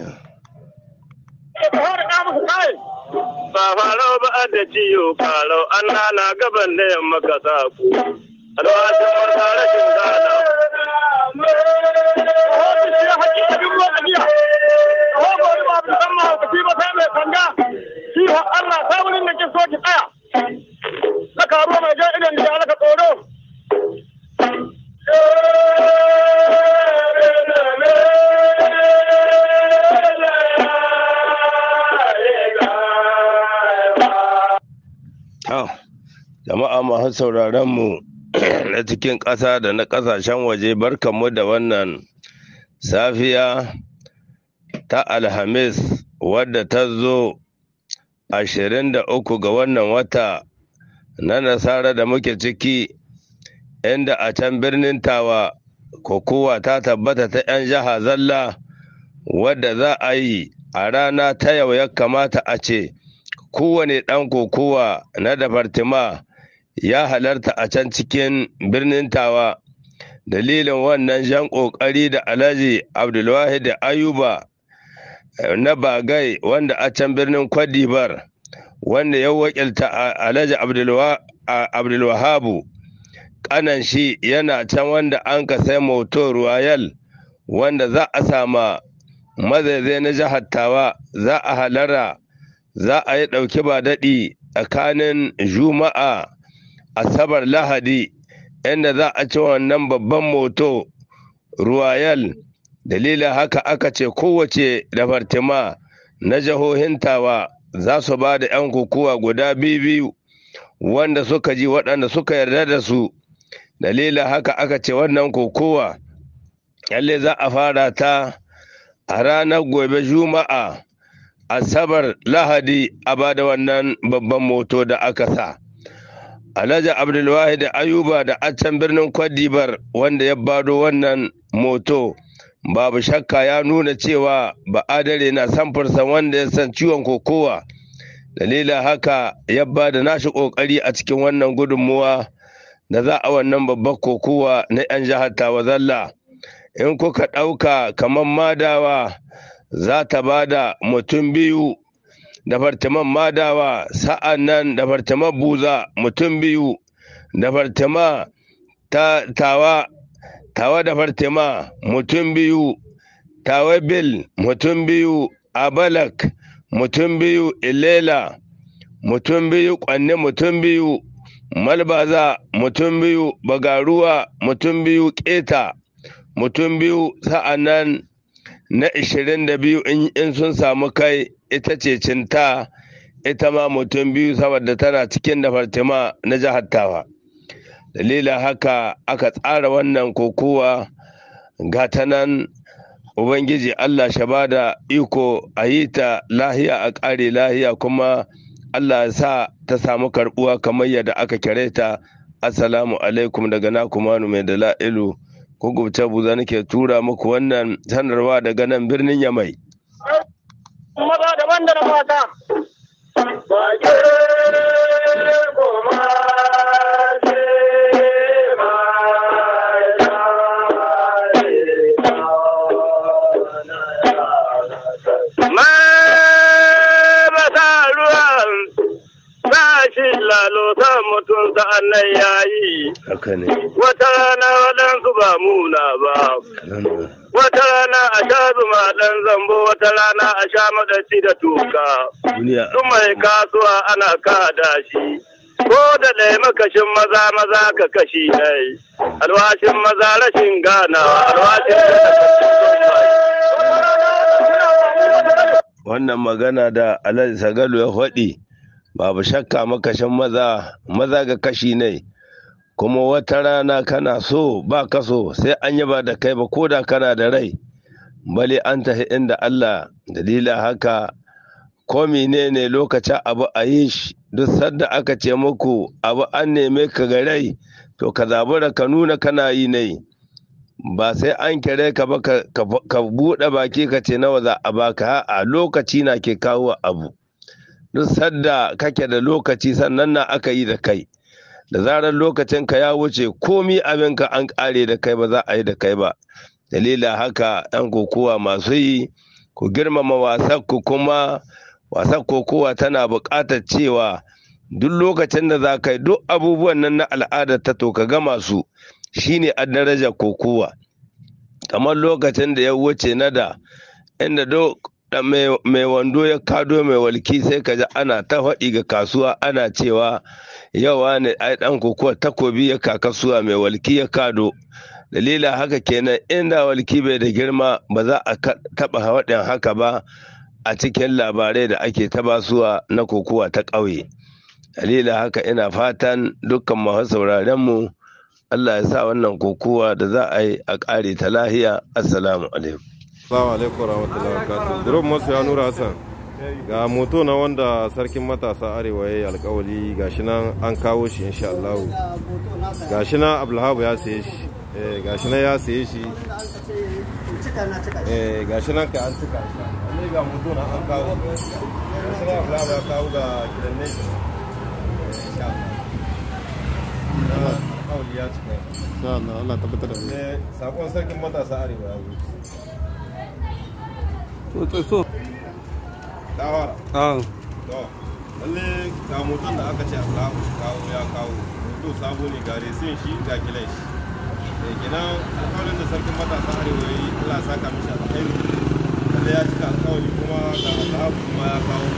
gaskiya ba faro ba da ciyo faro an nana gaban da yamma ka sa ku a lokacin rashin jama'a masu sauraron mu na cikin ƙasa da na ƙasashen waje mu da wannan safiya ta alhamis wadda ta zo ashirin da uku ga wannan wata na nasara da muke ciki inda a can birnin tawa kokowa ta tabbata ta 'yan jiha zalla wadda za a yi a rana ta yau ya kamata a ce kowane ɗan kokowa na dafartima ya halarta a can cikin birnin Tawa. Dalilin wannan jan ƙoƙari da Alhaji Abdulwahid Ayuba eh, na Bagai wanda a can birnin Kwadibar wanda ya wakilta Alhaji Abdulwahabu ƙanan shi yana can wanda an ka sai moto Royal wanda za a sama mazaizai na jihar Tawa za a halara za a yi ɗauki ba daɗi tsakanin juma'a asabar lahadi inda za a ci wannan babban moto ruwayal dalilin haka aka ce kowace dafartima na jihohin tawa za su ba da 'yan kukuwa guda biyu wanda suka ji waɗanda suka yarda da su dalilin haka aka ce wannan kokowa yalle za a fara ta a ranar gobe juma'a asabar lahadi a ba da wannan babban moto da aka sa alhaji da ayuba da accan birnin kwadibar wanda ya bado wannan moto babu shakka ya nuna cewa ba adare na samfursa wanda ya san ciwon kokowa dalila haka ya bada nashi kokari a cikin wannan gudunmuwa da za a wannan babban kokowa na 'yan jihar tawazalla in kuka ɗauka kamar madawa za ta ba da mutum biyu dapartaman madawa sa'an nan dapartaman buza mutum biyu da ta tawa tawa dapartama mutum biyu tawa bil mutum biyu abalak mutum biyu ilela mutum biyu kwanne mutum biyu malbaza mutum biyu bagaruwa mutum biyu keta mutum biyu sa'an nan na ishirin in sun samu kai ita ce cinta ita ma mutum biyu saboda tana cikin dafartima na jihar tawa Dalila haka aka tsara wannan kokowa ta nan ubangiji allah shabada iko a yi ta lahiya a ƙare lahiya kuma allah sa ta samu karbuwa kamar yadda aka kyareta assalamu alaikum daga na kumanu mai dala'ilu gubta buza nake tura muku wannan sanarwa daga nan birnin Yamai. Maza daban da na mata. lalo ta mutum sa'an yayi haka ne wata rana waɗansu ba muna ba wata rana a sha zuma ɗan zambo wata rana a sha madaci da toka su mai kasuwa ana da shi ko da ɗaya makashin maza maza ka kashi ɗai alwashin maza rashin ganawa alwashin wannan magana da alhaji sagalu ya faɗi babu shakka makashin maza maza ga kashi ne kuma wata rana kana so ba ka so sai an yaba da kai ba ko da kana da rai bali an tafi inda Allah dalila haka ko ne ne lokacin abu a yi shi duk sadda aka ce muku abu an neme ka ga rai to ka zabura ka nuna kana yi ne ba sai an kere ka ba ka buɗe baki ka ce nawa za a baka a lokaci na ke kawo abu duk sadda kake da lokaci sannan na aka yi da kai da zarar lokacin ka ya wuce komi ka an kare da kai ba za a yi da kai ba dalila haka 'yan kokowa masu yi ku girmama wasan ku kuma wasan kokowa tana buƙatar cewa duk lokacin da za ka yi duk abubuwan nan na al'ada ta to ka gama su shine a darajar kokowa kamar lokacin da ya wuce na da inda duk mai wando ya kado mai walki sai ka ji ana ta faɗi ga kasuwa ana cewa yawa ne ai dan kokowa takobi ya kakasuwa mai walki ya kado dalila haka kenan inda walki bai da girma ba za a taɓa haɗin haka ba a cikin labarai da ake suwa na kokowa ta ƙauye dalila haka ina fatan dukkan mu sauraronmu Allah ya sa wannan kokowa da za a yi a ƙare ta lahiya assalamu alaikum Assalamu alaikum warahmatullahi wabarakatuh. Drop Musa ya Nura Hassan. Ga moto na wanda sarkin matasa arewa ya yi alkawali gashi nan an kawo shi insha Allah. Gashi nan Abdulhab ya saye shi. Eh gashi nan ya saye shi. Eh gashi nan ka an tuka shi. Ne ga moto na an kawo. Gashi nan Abdulhabu ya kawo ga kidanne. Insha Allah. Alkawali ya cika. Insha Allah Allah tabbatar da mu. Eh sakon sarkin matasa arewa ya to ah. da aka ce Allah shi kawo ya kawo moto sabo ne ga resin shi ga shi da kenan alƙawarin da sarkin matasa arewa yi Allah saka mishi ya cika alƙawari kuma ga kuma ya kawo